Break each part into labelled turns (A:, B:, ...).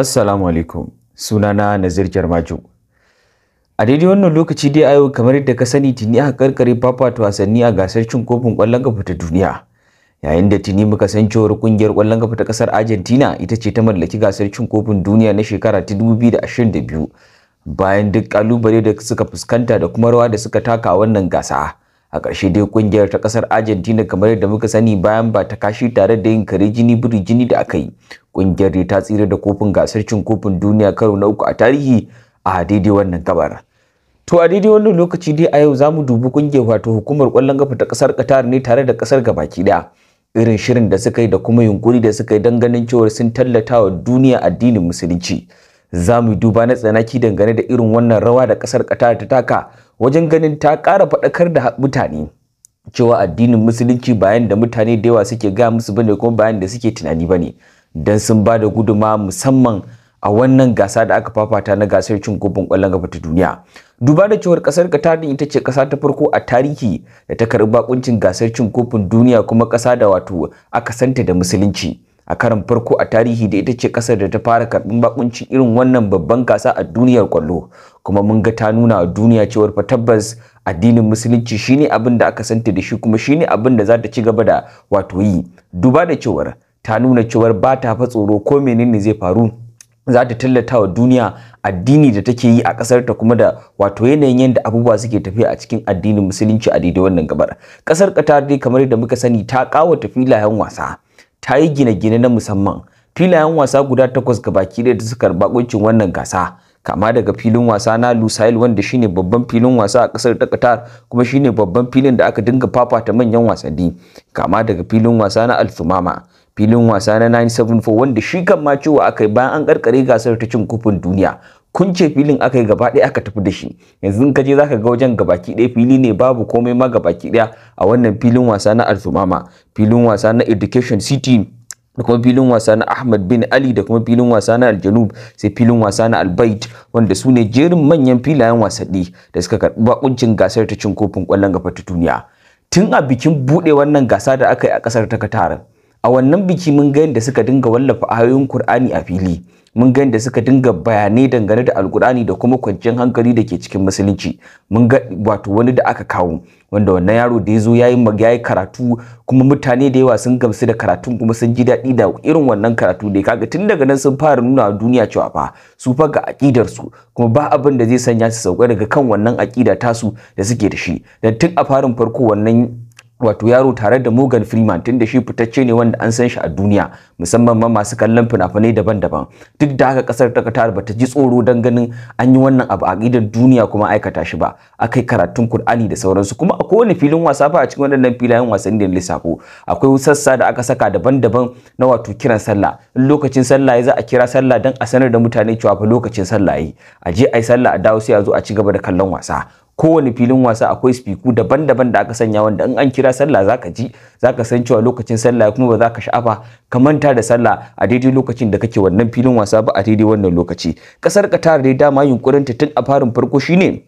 A: Assalamu alaikum sunana Nazir jarmaju A daidai wannan lokaci dai ayo kamar yadda ka sani tuni aka karkare fafata wasanni a gasar cin kofin kwallon kafa ta duniya. Yayin da tuni muka san cewar ƙungiyar ƙwallon kafa ta ƙasar Argentina ita ce ta mallaki gasar cin kofin duniya na shekara ta 2022 bayan duk ƙalubale da suka fuskanta da kuma rawa da suka taka a wannan gasa. a ƙarshe dai kungiyar ta ƙasar argentina kamar yadda muka sani bayan ba ta kashi tare da yin kare jini biri jini da aka yi kungiyar dai ta tsira da kofin gasar cin kofin duniya karo na uku a tarihi a daidai wannan gabar to a daidai wannan lokaci dai a yau za mu dubi kungiyar wato hukumar ƙwallon gafa ta ƙasar qatar ne tare da ƙasar gabaki ɗaya irin shirin da suka yi da kuma yunkuri da suka yi don ganin cewa sun tallata wa duniya addinin musulunci za mu duba na tsanaki dangane da irin wannan rawa da ƙasar qatar ta taka wajen ganin ta ƙara faɗakar da mutane cewa addinin musulunci bayan da mutane da yawa suke gaya musu bane kuma bayan da suke tunani bane don sun ba da guduma musamman a wannan gasa da aka fafata na gasar cin kofin ƙwallon gaba ta duniya duba da cewar ƙasar qatar ita ce ƙasa ta farko a tarihi da ta karɓi bakuncin gasar cin kofin duniya kuma ƙasa da wato aka santa da musulunci a karan farko a tarihi da ita ce kasar da ta fara karɓin bakuncin irin wannan babban gasa a duniyar kwallo kuma mun ga ta nuna a duniya cewar fa tabbas addinin musulunci shine abin da aka santa da shi kuma shine abin da za ta ci gaba da wato yi duba da cewar ta nuna cewar ba ta fa tsoro ko menene zai faru za ta tallata wa duniya addini da take yi a kasar ta kuma da wato yanayin yadda abubuwa suke tafiya a cikin addinin musulunci a daidai wannan gabar kasar Qatar dai kamar yadda muka sani ta kawo tafi wasa ta yi gine-gine na musamman filayen wasa guda takwas ga baki da suka karba wannan gasa kama daga filin wasa na Lusail wanda shine babban filin wasa a ƙasar ta Qatar kuma shine babban filin da aka dinga fafata manyan wasanni kama daga filin wasa na Alfumama filin wasa na 974 wanda shi kan ma cewa aka yi bayan an karkare gasar ta cin kufin duniya kunce filin aka yi gaba ɗaya aka tafi da shi yanzu ka je zaka ga wajen gabaki ɗaya fili ne babu komai ma gabaki ɗaya a wannan filin wasa na alfumama filin wasa na education city da kuma filin wasa na Ahmad bin Ali da kuma filin wasa na Aljanub sai filin wasa na Albait wanda su ne jerin manyan filayen wasanni da suka karɓi bakuncin gasar ta cin kofin ƙwallon gaba ta duniya tun a bikin buɗe wannan gasa da aka yi a ƙasar ta Qatar a wannan biki mun ga yadda suka dinga wallafa ayoyin Kur'ani a fili mun ga yadda suka dinga bayanai dangane da Alkur'ani da kuma kwanciyar hankali da ke cikin musulunci mun ga wato wani da aka kawo wanda wannan yaro da ya zo yayi yayi karatu kuma mutane da yawa sun gamsu da karatun kuma sun ji daɗi da irin wannan karatu da kaga tun daga nan sun fara nuna duniya cewa fa su fa ga aqidar su kuma ba abin da zai sanya su sauka daga kan wannan aƙida tasu da suke da shi dan tun a farin farko wannan wato yaro tare da Morgan Freeman tunda shi fitacce ne wanda an san shi a duniya musamman ma masu kallon fina-finai daban-daban duk da haka kasar ta Qatar bata ji tsoro dan ganin an yi wannan abu a gidan duniya kuma aikata shi ba akai karatun Qur'ani da sauransu kuma a kowane filin wasa fa a cikin wannan filayen wasanni da lissafo akwai sassa da aka saka daban-daban na wato kiran sallah in lokacin sallah ya za a kira sallah dan a sanar da mutane cewa fa lokacin sallah yi a je ai sallah a dawo sai a zo a ci gaba da kallon wasa kowane filin wasa akwai spiku daban-daban da aka sanya wanda in an kira sallah zaka ji zaka san cewa lokacin sallah kuma ba za ka ba? ka manta da sallah a daidai lokacin da kake wannan filin wasa ba a daidai wannan lokaci kasar Qatar dai dama yunkurin ta tun a farin farko shine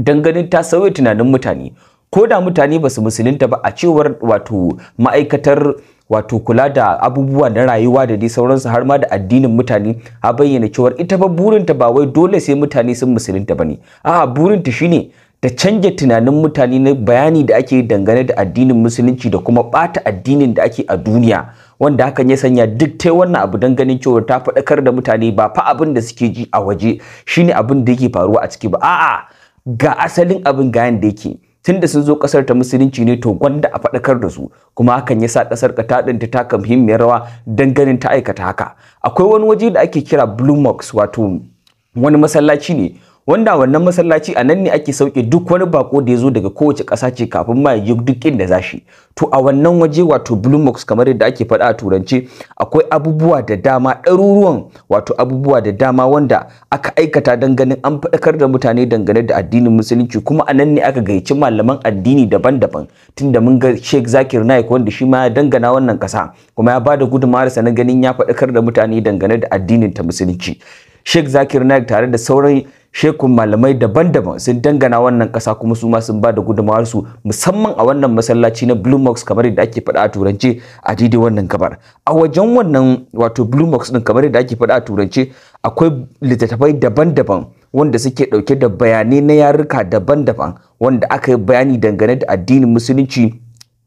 A: ganin ta sauya tunanin mutane ko da mutane ba su musulunta ba a cewar wato ma'aikatar wato kula da abubuwa na rayuwa da dai sauransu har ma da addinin mutane a bayyana cewar ita ba burinta ba wai dole sai mutane sun musulunta ba ne. a'a burinta shine da canja tunanin mutane na bayani da ake dangane da addinin musulunci da kuma bata addinin da ake a duniya wanda hakan ya sanya duk ta wannan abu don ganin cewa ta faɗakar da mutane ba fa abin da suke ji a waje Shi ne abin da yake faruwa a ciki ba a'a ga asalin abin ga yanda yake tunda sun zo kasar ta musulunci ne to gwanda a faɗakar da su kuma hakan ya sa kasar ka ta ɗinta taka muhimmiyar rawa don ganin ta aikata haka akwai wani waje da ake kira blue wato wani masallaci ne wanda wannan masallaci a nan ne ake sauke duk wani bako da ya zo daga kowace ƙasa ce kafin ma ya duk inda za shi to a wannan waje wato blumbox kamar yadda ake faɗa a turance akwai abubuwa da dama ɗaruruwan wato abubuwa da dama wanda aka aikata don ganin an faɗakar da mutane dangane da addinin musulunci kuma a nan ne aka gayyaci malaman addini daban-daban tunda mun ga Sheikh Zakir Naik wanda shi ma ya dangana wannan ƙasa kuma ya bada sa na ganin ya faɗakar da mutane dangane da addinin ta musulunci Sheikh Zakir Naik tare da sauran shekun malamai daban-daban sun dangana wannan kasa kuma su ma sun ba da gudunmawar su musamman a wannan masallaci na Blue Mox kamar yadda ake faɗa a turance a daidai wannan gabar a wajen wannan wato Blue Mox din kamar yadda ake faɗa a turance akwai littattafai daban-daban wanda suke ɗauke da bayanai na yaruka daban-daban wanda aka yi bayani dangane da addinin musulunci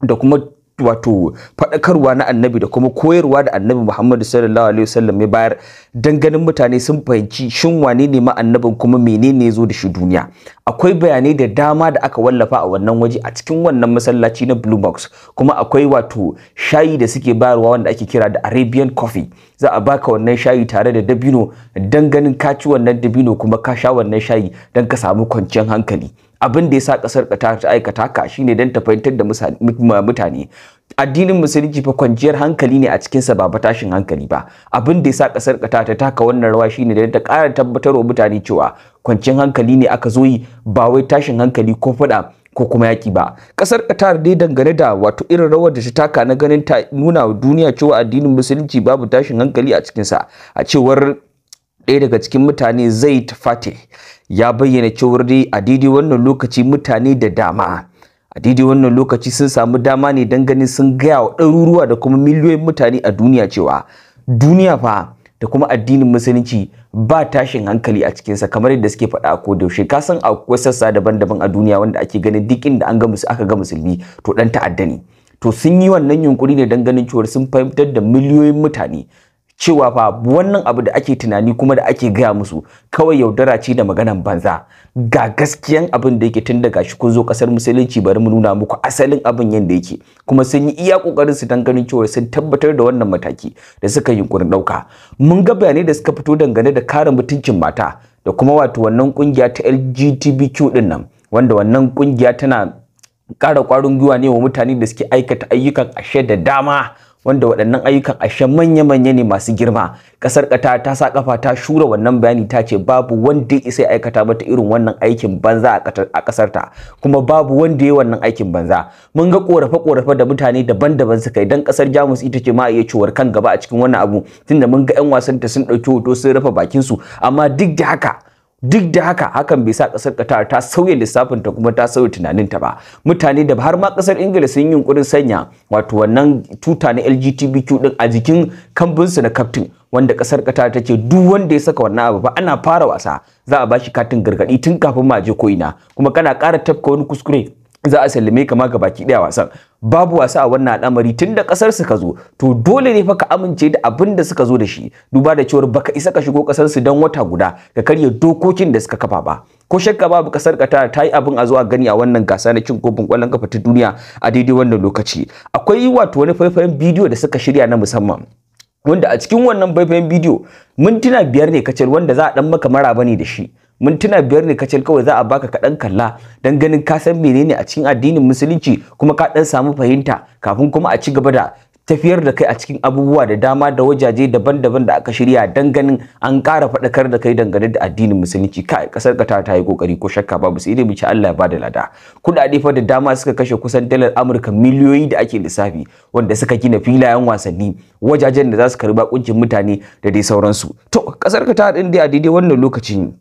A: da kuma wato faɗakarwa na annabi da kuma koyarwa da annabi Muhammadu sallallahu alaihi wasallam ya bayar dan ganin mutane sun fahimci shin wane ne ma annabin kuma menene ya zo da shi duniya akwai bayanai da dama da aka wallafa a wannan waje a cikin wannan masallaci na Blue Box kuma akwai wato shayi da suke bayarwa wanda ake kira da Arabian Coffee za a baka wannan shayi tare da dabino don ganin ka ci wannan dabino kuma ka sha wannan shayi don ka samu kwanciyar hankali abin da ya sa ƙasar ta aikata ka shine don ta fahimtar da mutane addinin musulunci fa kwanciyar hankali ne a cikinsa ba ba tashin hankali ba abin da ya sa ƙasar Qatar ta taka wannan rawa shine don ta ƙara tabbatar wa mutane cewa kwanciyar hankali ne aka zo yi ba wai tashin hankali ko faɗa ko kuma yaki ba ƙasar qatar dai dangane da wato irin rawar da ta taka na ganin ta nuna duniya cewa addinin musulunci babu tashin hankali a cikinsa a cewar ɗaya daga cikin mutane zai tafate ya bayyana cewar dai a daidai wannan lokaci mutane da dama a daidai wannan lokaci sun samu dama ne don ganin sun gaya wa ɗaruruwa da kuma miliyoyin mutane a duniya cewa duniya fa da kuma addinin musulunci ba tashin hankali a cikinsa kamar yadda suke faɗa a yaushe ka san akwai sassa daban-daban a duniya wanda ake ganin duk inda an ga aka ga musulmi to ɗan ta'adda ne to sun yi wannan yunkuri ne don ganin cewar sun fahimtar da miliyoyin mutane cewa fa wannan abu da ake tunani kuma da ake gaya musu kawai yaudara ce da maganan banza ga gaskiyan abin da yake tun daga shi kun zo kasar musulunci bari mu nuna muku asalin abin yadda yake kuma sun yi iya kokarin su dan ganin cewa sun tabbatar da wannan mataki da suka yi kurin dauka mun ga bayanai da suka fito dangane da kare mutuncin mata da kuma wato wannan kungiya ta LGBTQ din nan wanda wannan kungiya tana ƙara ƙwarin gwiwa ne wa mutane da suke aikata ayyukan ashe da dama wanda waɗannan ayyukan ashe manya-manya ne masu girma ƙasar ƙata ta sa kafa ta shura wannan bayani ta ce babu wanda ya isa aikata mata irin wannan aikin banza a ƙasar ta kuma babu wanda ya wannan aikin banza mun ga ƙorafe-ƙorafe da mutane daban-daban suka yi dan ƙasar Jamus ita ce ma iya kan gaba a cikin wannan abu tunda mun ga 'yan wasanta sun ɗauki hoto sun rufe bakin su amma duk da haka duk da haka hakan bai sa ƙasar Qatar ta sauya lissafin ta kuma ta sauya ta ba mutane da har ma kasar Ingila sun yi yunkurin sanya wato wannan tuta na LGBTQ din a jikin kambinsu na captain wanda kasar Qatar ta ce duk wanda ya saka wannan abu ba ana fara wasa za a bashi katin gargadi tun kafin ma je ko ina kuma kana ƙara tafka wani kuskure za a sallame ka ma baki ɗaya wasan babu wasa a wannan al'amari tun da kasar su ka zo to dole ne fa ka amince da abin da suka zo da shi duba da cewar baka isa ka shigo ƙasar su dan wata guda ka karya dokokin da suka kafa ba ko shakka babu kasar Qatar ta yi abin a zuwa gani a wannan gasa na cin kofin kwallon kafa ta duniya a daidai wannan lokaci akwai wato wani faifayen bidiyo da suka shirya na musamman wanda a cikin wannan faifayen bidiyo mintuna biyar ne kacal wanda za a dan maka maraba ne da shi mintuna biyar ne kacal kawai za a baka kaɗan kalla don ganin ka san menene a cikin addinin musulunci kuma ka ɗan samu fahimta kafin kuma a ci gaba da tafiyar da kai a cikin abubuwa da dama da wajaje daban-daban da aka shirya don ganin an ƙara faɗakar da kai dangane da addinin musulunci kai ƙasar ka ta yi kokari ko shakka babu sai dai mu ci Allah ya bada lada kuɗaɗe fa da dama suka kashe kusan dalar Amurka miliyoyi da ake lissafi wanda suka gina filayen wasanni wajajen da za su karɓi bakuncin mutane da dai sauransu to ƙasar ka ta haɗin dai a daidai wannan lokacin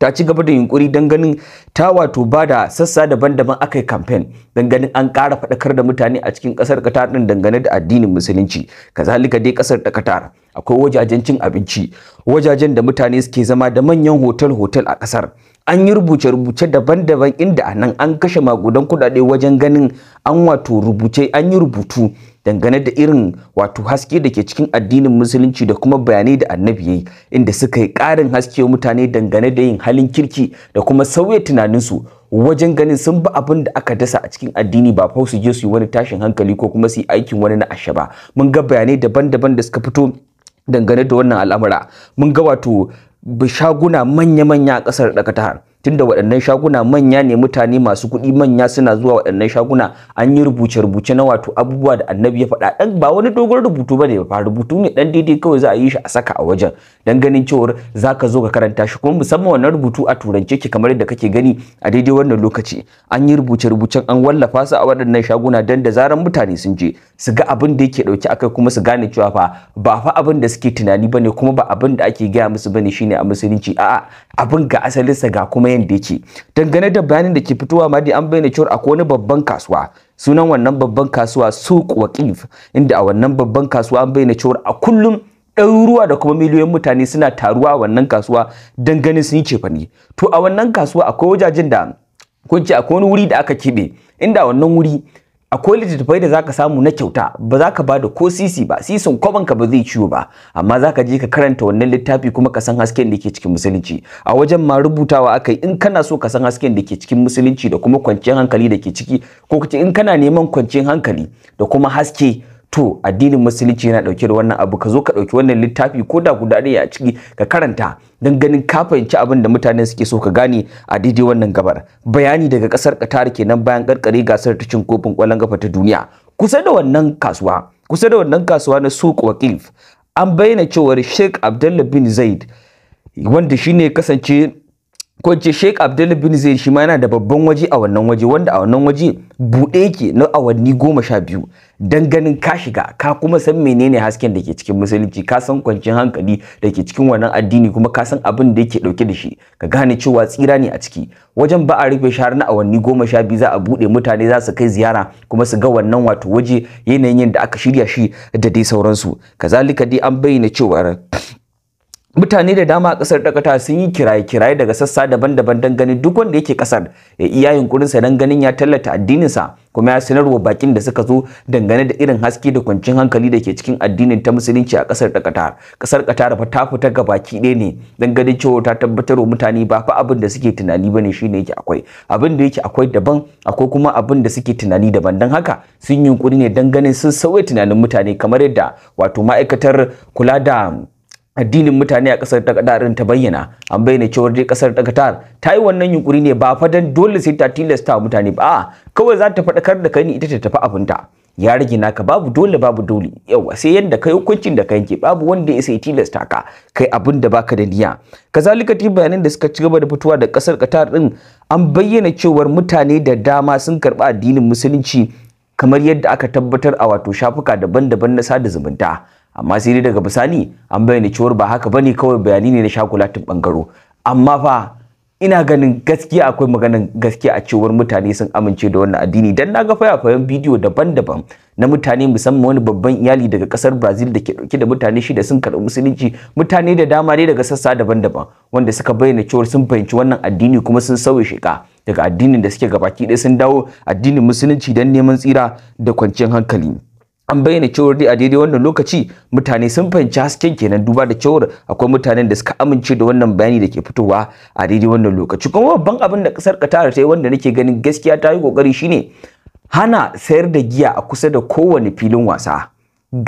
A: ta ci gaba da yunkuri don ganin ta wato ba da sassa daban-daban aka yi kamfen don ganin an ƙara faɗakar da mutane a cikin ƙasar ƙatar ɗin dangane da addinin musulunci kazalika dai ƙasar ta katar akwai wajajen cin abinci wajajen da mutane suke zama da manyan hotel-hotel a ƙasar an yi rubuce-rubuce daban-daban inda a nan an kashe magudan kudade wajen ganin an wato rubuce an yi rubutu dangane da irin wato haske da ke cikin addinin musulunci da kuma bayanai da annabi yayi inda suka yi karin haske mutane dangane da yin halin kirki da kuma sauya tunaninsu wajen ganin sun bi abin da aka dasa a cikin addini ba fa su je su yi wani tashin hankali ko kuma su yi aikin wani na ba mun ga bayanai daban-daban da suka fito dangane da wannan al'amura mun ga wato bishaguna manya-manya a ƙasar ɗakatahar tunda waɗannan shaguna manya ne mutane masu kuɗi manya suna zuwa waɗannan shaguna an yi rubuce-rubuce na wato abubuwa da annabi ya faɗa ɗan ba wani dogon rubutu ba ne ba rubutu ne ɗan daidai kawai za a yi shi a saka a wajen don ganin cewar za ka zo ka karanta shi kuma musamman wannan rubutu a turance ke kamar yadda kake gani a daidai wannan lokaci an yi rubuce-rubucen an wallafa su a waɗannan shaguna don da zaran mutane sun je su ga abin da yake ɗauke akai kuma su gane cewa fa ba fa abin da suke tunani ba ne kuma ba abin da ake gaya musu ba ne shine a musulunci a'a abin ga asalinsa ga kuma kuma yadda yake dangane da bayanin da ke fitowa ma dai an bayyana cewa akwai wani babban kasuwa sunan wannan babban kasuwa suq waqif inda a wannan babban kasuwa an bayyana cewa a kullum ɗaruruwa da kuma miliyoyin mutane suna taruwa wannan kasuwa don ganin sun yi cefani to a wannan kasuwa akwai wajajen da kun ce akwai wani wuri da aka keɓe inda wannan wuri akwai littattafai da zaka samu na kyauta ba za ka bada ko sisi ba sisin kwaban ka ba zai ciwo ba amma za ka je ka karanta wannan littafi kuma ka san hasken da ke cikin musulunci a wajen ma rubutawa akai in kana so ka san hasken da ke cikin musulunci da kuma kwanciyar hankali da ke ciki ko kace in kana neman kwanciyar hankali da kuma haske to addinin musulunci yana dauke da wannan abu ka zo ka dauki wannan littafi ko da guda ɗaya a ciki ka karanta don ganin ka fahimci abin da mutane suke so ka gane a daidai wannan gabar bayani daga kasar Qatar kenan bayan karkare gasar ta cin kofin kwallon kafa ta duniya kusa da wannan kasuwa kusa da wannan kasuwa na Suq Waqif an bayyana cewar Sheikh Abdullah bin Zaid wanda shine kasance Kwanci sheik Sheikh Abdul bin shima shi ma yana da babban waje a wannan waje wanda a wannan waje buɗe yake na awanni goma sha biyu dan ganin ka shiga ka kuma san menene hasken da ke cikin musulunci ka san kwanciyar hankali da ke cikin wannan addini kuma ka san abin da yake ɗauke da shi ka gane cewa tsira ne a ciki wajen ba a rufe shahar na awanni goma sha biyu za a buɗe mutane za su kai ziyara kuma su ga wannan wato waje yanayin yadda aka shirya shi da dai sauransu kazalika dai an bayyana cewa mutane da dama a kasar dakata sun yi kiraye-kiraye daga sassa daban-daban don ganin duk wanda yake kasar ya iya yunkurinsa don ganin ya tallata addininsa kuma ya sanarwa bakin da suka zo dangane da irin haske da kwancin hankali da ke cikin addinin ta musulunci a kasar dakata kasar Qatar fa ta fita ga baki ɗaya ne don ganin cewa ta tabbatarwa mutane ba fa abin da suke tunani bane shine yake akwai abin da yake akwai daban akwai kuma abin da suke tunani daban don haka sun yunkuri ne don ganin sun sauya tunanin mutane kamar yadda wato ma'aikatar kula da addinin mutane a kasar ta kadarin ta bayyana an bayyana cewar dai kasar ta Qatar ta yi wannan yunkuri ne ba fa dan dole sai ta tilasta mutane ba kawai za ta faɗakar da kai ne ita ta tafi abinta ya rage naka babu dole babu dole yawa sai yadda kai hukuncin da yanke, babu wanda ya sai tilasta ka kai abin da baka da niyya kazalika ti bayanan da suka ci gaba da fitowa da kasar katar din an bayyana cewa mutane da dama sun karba addinin musulunci kamar yadda aka tabbatar a wato shafuka daban-daban na sada zumunta amma sai dai daga bisani an bayyana cewar ba haka bane kawai bayani ne na shakulatin bangaro amma fa ina ganin gaskiya akwai maganin gaskiya a cewar mutane sun amince da wannan addini dan na ga fayafayen bidiyo daban-daban na mutane musamman wani babban iyali daga kasar Brazil da ke dauke da mutane shida sun karɓi musulunci mutane da dama ne daga sassa daban-daban wanda suka bayyana cewar sun fahimci wannan addini kuma sun sauya shiga daga addinin da suke gabaki ɗaya sun dawo addinin musulunci don neman tsira da kwanciyar hankali an bayyana cewar dai a daidai wannan lokaci mutane sun fahimci hasken kenan duba da cewar akwai mutanen da suka amince da wannan bayani da ke fitowa a daidai wannan lokaci kuma babban abin da kasar Qatar ta yi wanda nake ganin gaskiya ta yi kokari shine hana sayar da giya a kusa da kowane filin wasa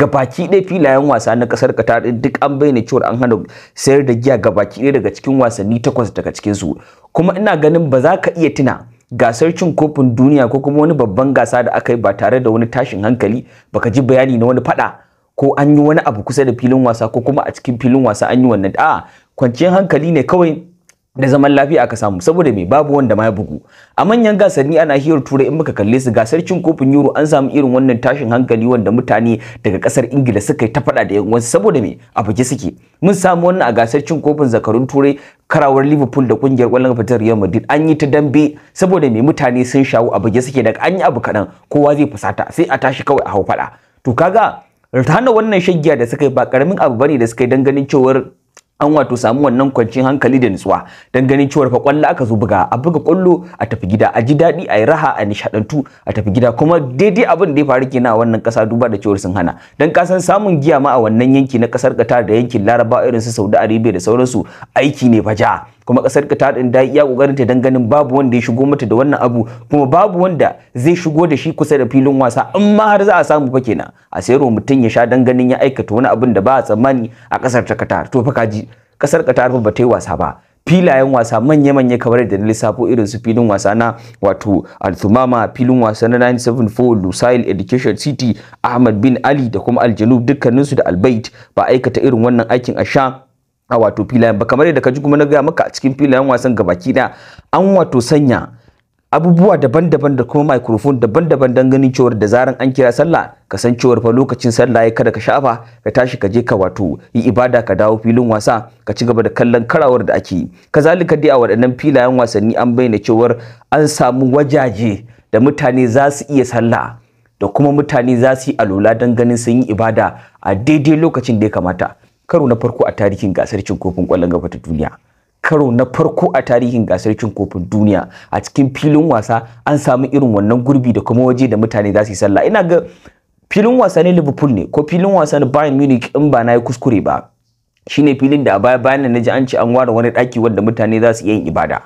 A: gabaki ɗaya filayen wasa na kasar Qatar duk an bayyana cewar an hana sayar da giya gabaki ɗaya daga cikin wasanni takwas daga cikin su kuma ina ganin ba za ka iya tuna gasar cin kofin duniya ko kuma wani babban gasa da aka yi ba tare da wani tashin hankali baka ji bayani na wani fada ko an yi wani abu kusa da filin wasa ko kuma a cikin filin wasa an yi wannan a kwanciyar hankali ne kawai da zaman lafiya aka samu saboda me babu wanda ma ya bugu a manyan gasanni ana hiyar turai in muka kalle su gasar cin kofin euro an samu irin wannan tashin hankali wanda mutane daga kasar ingila suka ta faɗa da yan saboda me a buge suke mun samu wannan a gasar cin kofin zakarun turai karawar liverpool da kungiyar kwallon kafa ta real madrid an yi ta dambe saboda me mutane sun shawo a buge suke daga an yi abu kaɗan kowa zai fusata sai a tashi kawai a hau faɗa to kaga hana wannan shaggiya da suka yi ba karamin abu bane da suka yi dan ganin cewar an wato samu wannan kwancin hankali da nutsuwa don ganin cewar fa kwallo aka zo buga a buga kwallo a tafi gida a ji daɗi a yi raha a nishadantu a tafi gida kuma daidai abin da ya faru kenan a wannan ƙasa duba da cewar sun hana don kasan samun giya ma a wannan yanki na ƙasar Qatar da yankin Laraba irin su Saudi Arabia da sauransu aiki ne fa kuma kasar ta in da iya kokarin ta ganin babu wanda ya shigo mata da wannan abu kuma babu wanda zai shigo da shi kusa da filin wasa in ma har za a samu fa kenan a sayarwa mutum ya sha ganin ya aikata wani abin da ba a tsammani a kasar ta Qatar to fa kaji kasar Qatar ba ta yi wasa ba filayen wasa manya-manya kamar da na lissafo irin su filin wasa na wato althumama filin wasa na 974 lusail education city ahmad bin ali da kuma aljanub dukkaninsu da albait ba aikata irin wannan aikin a sha a wato filayen ba kamar yadda ka ji kuma na gaya maka a cikin filayen wasan gabaki da an wato sanya abubuwa daban-daban da kuma microphone daban-daban don ganin cewar da zaran an kira sallah ka san cewar fa lokacin sallah ya kada ka shafa ka tashi ka je ka wato yi ibada ka dawo filin wasa ka ci gaba da kallon karawar da ake kazalika dai a waɗannan filayen wasanni an bayyana cewar an samu wajaje da mutane za su iya sallah da kuma mutane za su yi alola don ganin sun yi ibada a daidai lokacin da ya kamata karo na farko a tarihin gasar cin kofin ƙwallon gaba ta duniya karo na farko a tarihin gasar cin kofin duniya a cikin filin wasa an samu irin wannan gurbi da kuma waje da mutane za su yi sallah ina ga filin wasa ne liverpool ne ko filin wasa na bayern munich in ba na yi kuskure ba shine filin da a baya bayan na ji an ce an ware wani daki wanda mutane za su yin ibada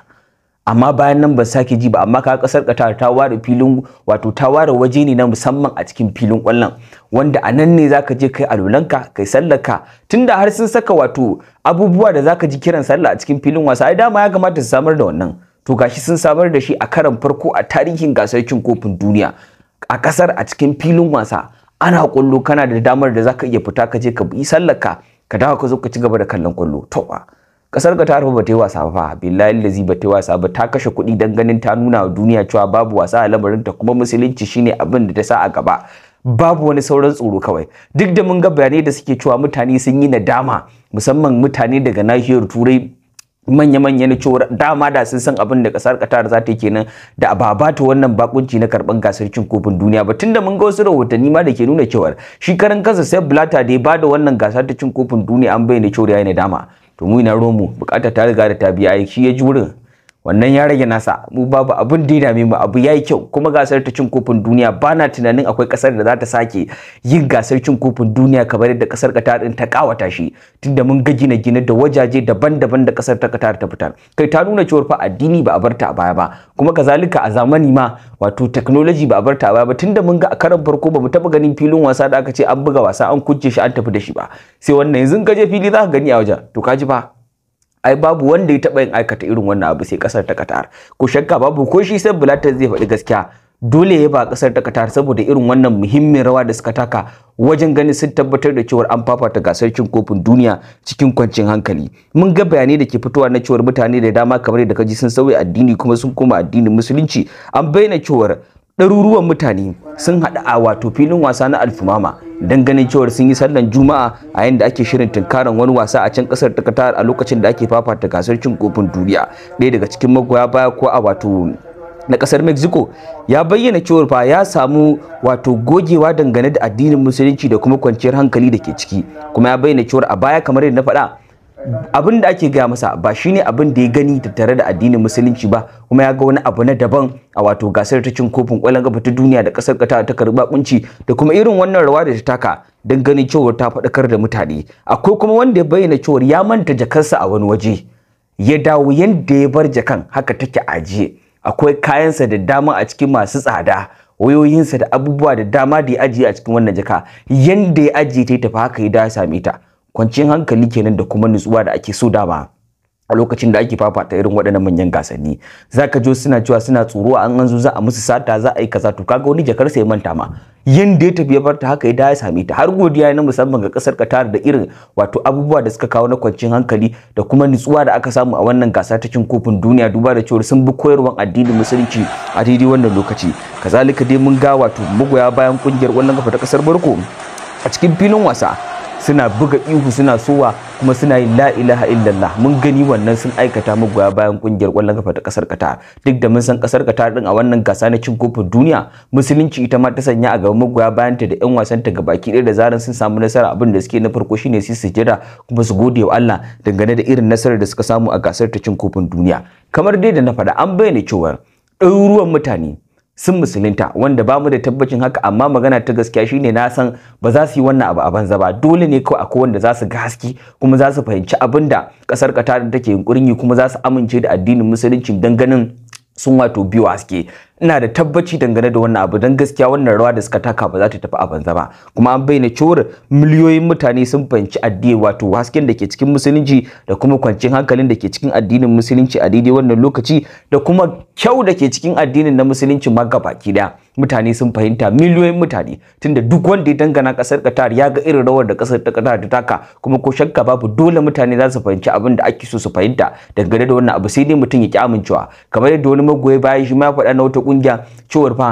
A: amma bayan nan ba sake ji ba amma ka kasar Qatar ta ware filin wato ta ware waje ne na musamman a cikin filin kwallon wanda a nan ne zaka je kai alulanka kai sallaka tunda har sun saka wato abubuwa da zaka ji kiran sallah a cikin filin wasa ai dama ya kamata su samar da wannan to gashi sun samar da shi a karan farko a tarihin gasar cin kofin duniya a kasar a cikin filin wasa ana kwallo kana da damar da zaka iya fita ka je ka yi sallaka ka dawo ka zo ka ci gaba da kallon kwallo to kasar qatar ba bata yi wasa ba billahi lazi ta yi wasa ba ta kashe kuɗi dan ganin ta nuna wa duniya cewa babu wasa a lamarin ta kuma musulunci shine abin da ta sa a gaba babu wani sauran tsoro kawai duk da mun ga bayanai da suke cewa mutane sun yi nadama musamman mutane daga nahiyar turai manya-manya na cewa dama da sun san abin da kasar Qatar za ta yi kenan da babata wannan bakunci na karban gasar cin kofin duniya ba tunda mun ga wasu rahotanni ma da ke nuna cewa shi karan kansa sai Blatter da ya bada wannan gasar ta cin kofin duniya an bayyana cewa yayi nadama to mu ina ruwan mu bukata ta riga da ta biya ai shi ya ji wurin wannan ya rage nasa mu babu abin dina mu abu yayi kyau kuma gasar ta cin kofin duniya bana tunanin akwai kasar da za ta sake yin gasar cin kofin duniya kamar yadda kasar Qatar din ta kawata shi tunda mun ga gine-gine da wajaje daban-daban da kasar ta Qatar ta fitar kai ta nuna cewa fa addini ba a barta a baya ba kuma kazalika a zamani ma wato technology ba a barta a baya ba tunda mun ga a karan farko ba mu taba ganin filin wasa da aka ce an buga wasa an kunce shi an tafi da shi ba sai wannan yanzu ka fili za ka gani a wajen to kaji ba ai babu wanda ya taba yin aikata irin wannan abu sai kasar ta Qatar ko shakka babu ko shi sai Blatter zai faɗi gaskiya dole ya ba kasar ta Qatar saboda irin wannan muhimmin rawa da suka taka wajen ganin sun tabbatar da cewar an fafata gasar cin kofin duniya cikin kwancin hankali mun ga bayanai da ke fitowa na cewar mutane da dama kamar da kaji sun sauya addini kuma sun koma addinin musulunci an bayyana cewar ɗaruruwan mutane sun haɗa a wato filin wasa na alfumama don ganin cewar sun yi sallan juma'a a yayin da ake shirin tunkaran wani wasa a can kasar ta Qatar a lokacin da ake fafata gasar cin kofin duniya ɗaya daga cikin magoya baya ko a wato na kasar mexico ya bayyana cewar fa ya samu wato gogewa dangane da addinin musulunci da kuma kwanciyar hankali da ke ciki kuma ya bayyana cewar a baya kamar yadda na faɗa abin da ake gaya masa ba shi ne abin da ya gani tattare da addinin musulunci ba kuma ya ga wani abu na daban a wato gasar ta cin kofin kwallon gaba ta duniya da kasar kata ta karba kunci da kuma irin wannan rawa da ta taka don ganin cewa ta faɗakar da mutane akwai kuma wanda ya bayyana cewa ya manta jakarsa a wani waje ya dawo yadda ya bar jakan haka take ajiye akwai kayansa da dama a cikin masu tsada wayoyinsa da abubuwa da dama da ya ajiye a cikin wannan jaka yanda ya ajiye ta tafi haka ya dawo ya same ta kwanciyar hankali kenan da kuma nutsuwa da ake so dama a lokacin da ake fafata irin waɗannan manyan gasanni zaka jo suna cewa suna tsoro an an zo za a musu sata za a yi kaza to kaga wani jakar sai manta ma yanda ya tafi ya barta haka ya ya same ta har godiya na musamman ga kasar Qatar da irin wato abubuwa da suka kawo na kwanciyar hankali da kuma nutsuwa da aka samu a wannan gasa ta cin kofin duniya duba da cewa sun bi koyarwan addinin musulunci a daidai wannan lokaci kazalika dai mun ga wato magoya bayan kungiyar wannan kafa ta kasar Barko a cikin filin wasa suna buga ihu suna sowa kuma suna yin la ilaha illallah mun gani wannan sun aikata magoya bayan kungiyar kwallon kafa ta kasar Qatar duk da mun san kasar Qatar din a wannan gasa na cin kofin duniya musulunci ita ma ta sanya a gaban magoya bayan ta da yan wasan ta gabaki ɗaya da zaran sun samu nasara abin da suke na farko shine su jira kuma su gode wa Allah dangane da irin nasarar da suka samu a gasar ta cin kofin duniya kamar dai da na faɗa an bayyana cewa ɗaruruwan mutane sun musulunta wanda ba mu da tabbacin haka amma magana ta gaskiya shine na san ba za su yi wannan abu a banza ba dole ne kawai akwai wanda za su ga haske kuma za su fahimci abin da kasar Qatar take yunkurin yi kuma za su amince da addinin musulunci dan ganin sun wato biyu haske ina da tabbaci dangane da wannan abu don gaskiya wannan rawa da suka taka ba za ta tafi a banza kuma an bayyana cewar miliyoyin mutane sun fahimci addini wato hasken da ke cikin musulunci da kuma kwanciyar hankalin da ke cikin addinin musulunci a daidai wannan lokaci da kuma kyau da ke cikin addinin na musulunci ma ki daya mutane sun fahimta miliyoyin mutane tunda duk wanda ya dangana kasar Qatar ya ga irin rawar da kasar ta Qatar ta taka kuma ko shakka babu dole mutane za su fahimci abin da ake so su fahimta dangane da wannan abu sai dai mutum ya ki amincewa kamar yadda wani magoyi baya shi ma faɗa na wata kungiya cewar fa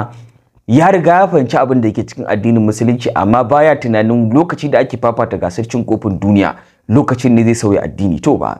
A: ya riga ya fahimci abin da yake cikin addinin musulunci amma baya tunanin lokacin da ake fafata gasar cin kofin duniya lokacin ne zai sauya addini to ba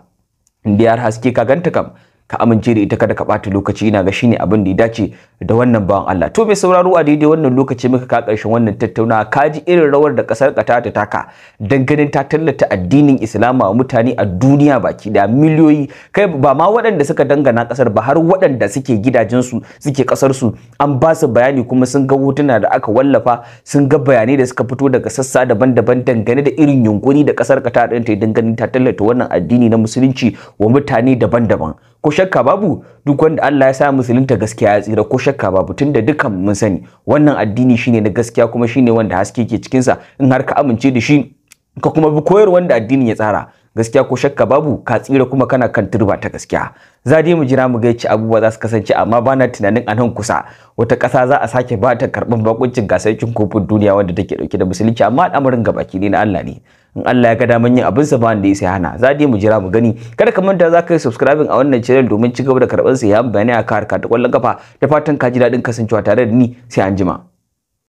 A: inda yar haske ka ganta kam ka amince da ita kada ka ɓata lokaci ina ga shine abin da ya dace da wannan bawan Allah to mai sauraro a daidai wannan lokaci muka ka ƙarshen wannan tattaunawa ka ji irin rawar da ƙasar ka ta taka dan ta tallata addinin Islama wa mutane a duniya baki da miliyoyi kai ba ma waɗanda suka dangana ƙasar ba har waɗanda suke gidajensu suke ƙasar su an ba su bayani kuma sun ga hotuna da aka wallafa sun ga bayanai da suka fito daga sassa daban-daban dangane da irin yunkuri da ƙasar Qatar ɗin ta yi ganin ta tallata wannan addini na musulunci wa mutane daban-daban ko shakka babu duk wanda Allah ya sa musulunta gaskiya ya tsira ko shakka babu tunda dukan mun sani wannan addini shine na gaskiya kuma shine wanda haske ke cikin sa in har ka amince da shi ka kuma bi koyar wanda addinin ya tsara gaskiya ko shakka babu ka tsira kuma kana kan turba ta gaskiya za dai mu jira mu ga yace abubuwa za su kasance amma ba na tunanin a nan kusa wata ƙasa za a sake ba ta karɓan bakuncin gasar kofin duniya wanda take dauke da musulunci amma al'amarin gabaki ne na Allah ne in Allah ya ga daman yin abin sa ba wanda ya sai hana za dai mu jira mu gani kada ka manta za ka yi subscribing a wannan channel domin ci gaba da karɓar sayan bayanai a ka ta kwallon kafa da fatan ka ji daɗin kasancewa tare da ni sai anjima